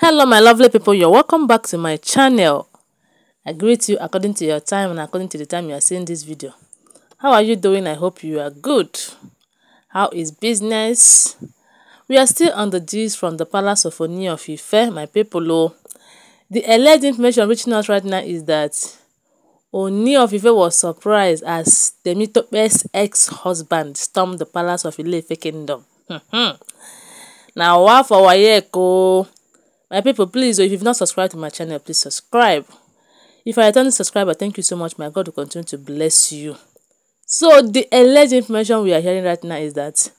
hello my lovely people you're welcome back to my channel i greet you according to your time and according to the time you are seeing this video how are you doing i hope you are good how is business we are still on the gist from the palace of oni of ife my people oh the alleged information reaching us right now is that oni of ife was surprised as temitope's ex-husband stormed the palace of ile-ife kingdom hmm, hmm. Now, wa for waye ko my people please oh, if you've not subscribed to my channel please subscribe if i return subscriber thank you so much my god will continue to bless you so the alleged information we are hearing right now is that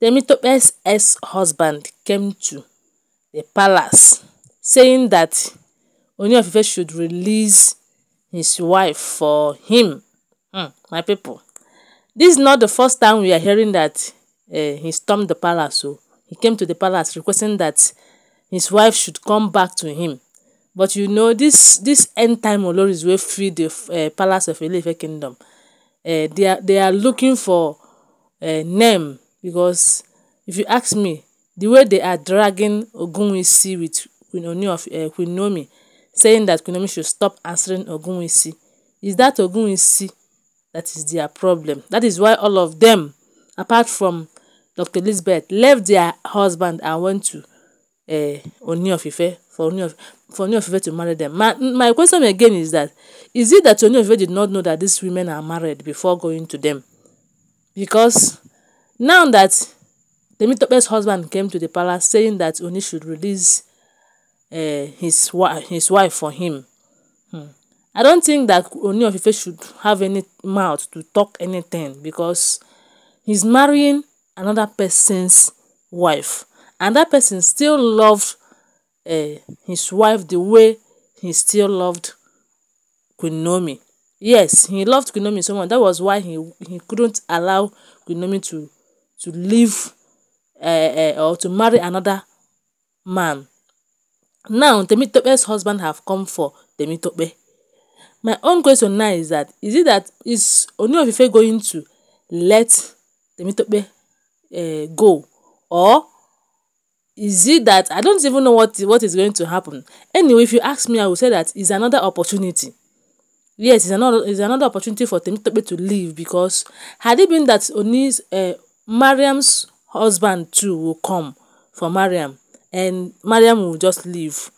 Temitope's ex-husband came to the palace saying that Ooni of should release his wife for him mm, my people this is not the first time we are hearing that uh, he stormed the palace so oh. he came to the palace requesting that his wife should come back to him but you know this this end time oloris wey fill di eh, palace of ileife kingdom eh, they are they are looking for eh, name because if you ask me the way they are dragging ogunwisi with of queen nomi saying that queen nomi should stop answering ogunwisi is that ogunwisi that is their problem that is why all of them, apart from dr elizabeth left their husband and went to eh, Ooni of Ife for Ooni of for Ooni of Ife to marry them. My, my question again is that is it that Ooni of Ife did not know that these women are married before going to them? Because now that Temitope's husband came to the palace saying that Oni should release uh, his, wife his wife for him. Hmm. I don't think that Oni of Ife should have any mouth to talk anything because he's marrying another person's wife and that person still loved um his wife the way he still loved Queen Yes, he loved Queen so much. That was why he, he couldn't allow Queen to, to leave uh, uh, or to marry another man. Now, Temitope's husband have come for Temitope. My own question now is that, is it that is Ooni of Ife going to let Temitope uh, go? Or is it that I don't even know what what is going to happen. Anyway, if you ask me, I will say that it's another opportunity. Yes, it's another it's another opportunity for Temitope to leave because had it been that Oni's uh, Mariam's husband too will come for Mariam and Mariam will just leave.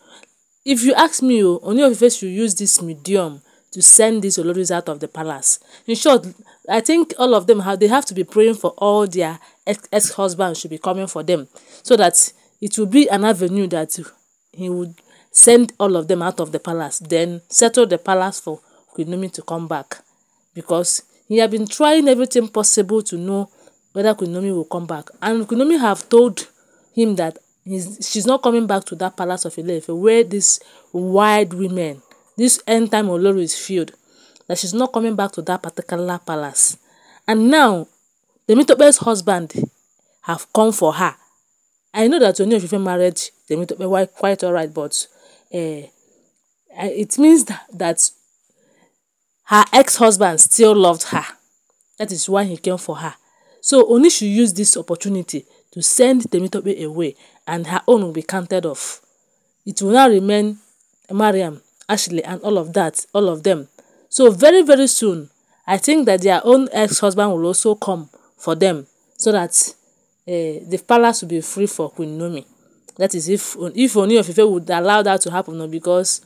If you ask me, oh, Oni of Ife should use this medium to send these Oloris out of the palace. In short, I think all of them have they have to be praying for all their ex ex husbands should be coming for them so that it will be an avenue that he would send all of them out of the palace, then settle the palace for Kunumi to come back. Because he had been trying everything possible to know whether Kunumi will come back. And Kunumi have told him that she's not coming back to that palace of Ilefe where these wild women, this end time Olori is filled, that she's not coming back to that particular palace. And now, the Mitope's husband have come for her I know that Ooni-Sofin married Temitope quite all right, but uh, it means that, that her ex-husband still loved her. That is why he came for her. So Oni should use this opportunity to send Temitope away and her own will be counted off. It will now remain Mariam, Ashley and all of that, all of them. So very very soon, I think that their own ex-husband will also come for them so that Eh, the palace will be free for Queen Nomi. That is if if Oni of would allow that to happen no, because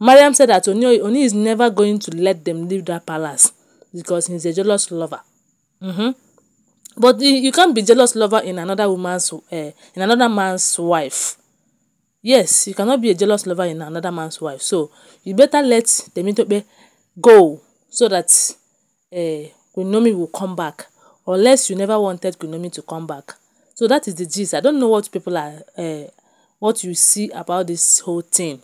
Mariam said that Oni, Oni is never going to let them leave that palace because he's a jealous lover. Mm-hmm. But you can't be jealous lover in another woman's uh, in another man's wife. Yes, you cannot be a jealous lover in another man's wife. So you better let Temitope go so that uh, eh, Kunomi will come back. Unless you never wanted Kunomi to come back. So that is the gist. I don't know what people are, uh, what you see about this whole thing.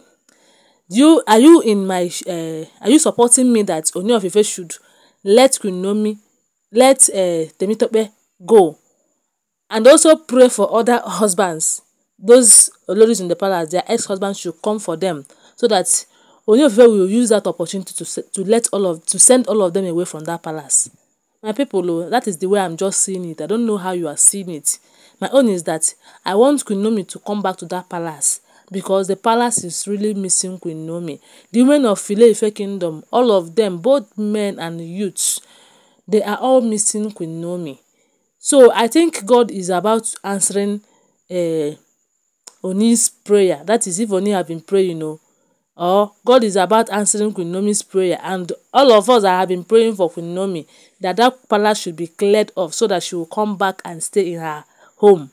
you are you in my uh, are you supporting me that Ooni of Ife should let Kunomi let uh, Temitope go and also pray for other husbands those ladies in the palace their ex-husbands should come for them so that Ooni of Ife will use that opportunity to to let all of to send all of them away from that palace My people oh, that is the way I'm just seeing it. I don't know how you are seeing it. My own is that I want Queen Nomi to come back to that palace because the palace is really missing Queen Nomi. The women of ile kingdom, all of them, both men and youths, they are all missing Queen Nomi. So I think God is about answering uh, Oni's prayer. That is if Oni have been praying, you know, or God is about answering Queen Naomi's prayer and all of us that have been praying for Queen Naomi that that palace should be cleared off so that she will come back and stay in her home.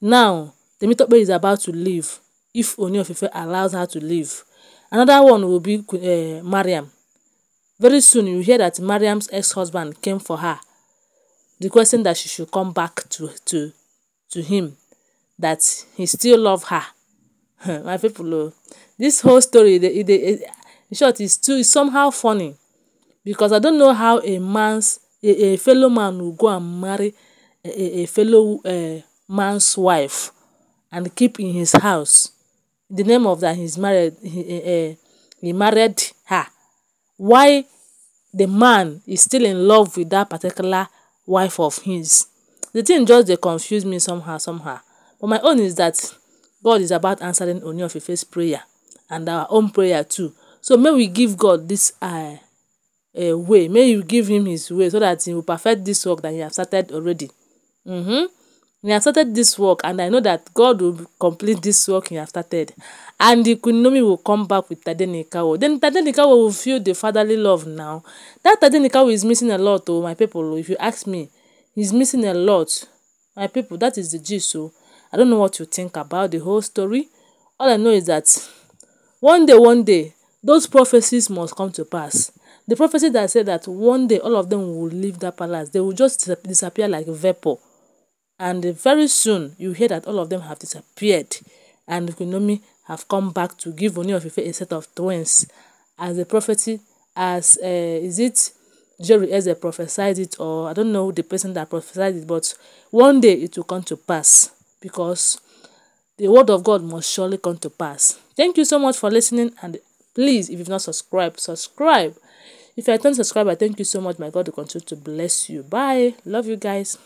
Now, the Temitope is about to leave if Ooni of allows her to leave. Another one will be uh, Mariam. Very soon you hear that Mariam's ex-husband came for her, requesting that she should come back to, to, to him, that he still loves her. My people, oh, this whole story the the in short is too is somehow funny because i don't know how a man's a, a fellow man will go and marry a, a fellow uh, man's wife and keep in his house the name of that he's married he, uh, he married her why the man is still in love with that particular wife of his the thing just they confuse me somehow somehow but my own is that god is about answering only of a face prayer and our own prayer too so may we give god this uh, uh, way may you give him his way so that he will perfect this work that he has started already mm -hmm. he has started this work and i know that god will complete this work he has started and the kunomi will come back with tadenikawo then tadenikawo will feel the fatherly love now that tadenikawo is missing a lot oh my people oh, if you ask me he's missing a lot my people that is the gist so oh. i don't know what you think about the whole story all i know is that One day, one day, those prophecies must come to pass. The prophecy that said that one day all of them will leave that palace, they will just disappear like vapor. And very soon, you hear that all of them have disappeared. And Kunomi have come back to give Oni of Ife a set of twins. As the prophecy, as uh, is it Jerry Eze prophesied it, or I don't know the person that prophesied it, but one day it will come to pass because the word of God must surely come to pass. Thank you so much for listening and please, if you've not subscribed, subscribe. If you're a subscriber, thank you so much. My God will continue to bless you. Bye. Love you guys.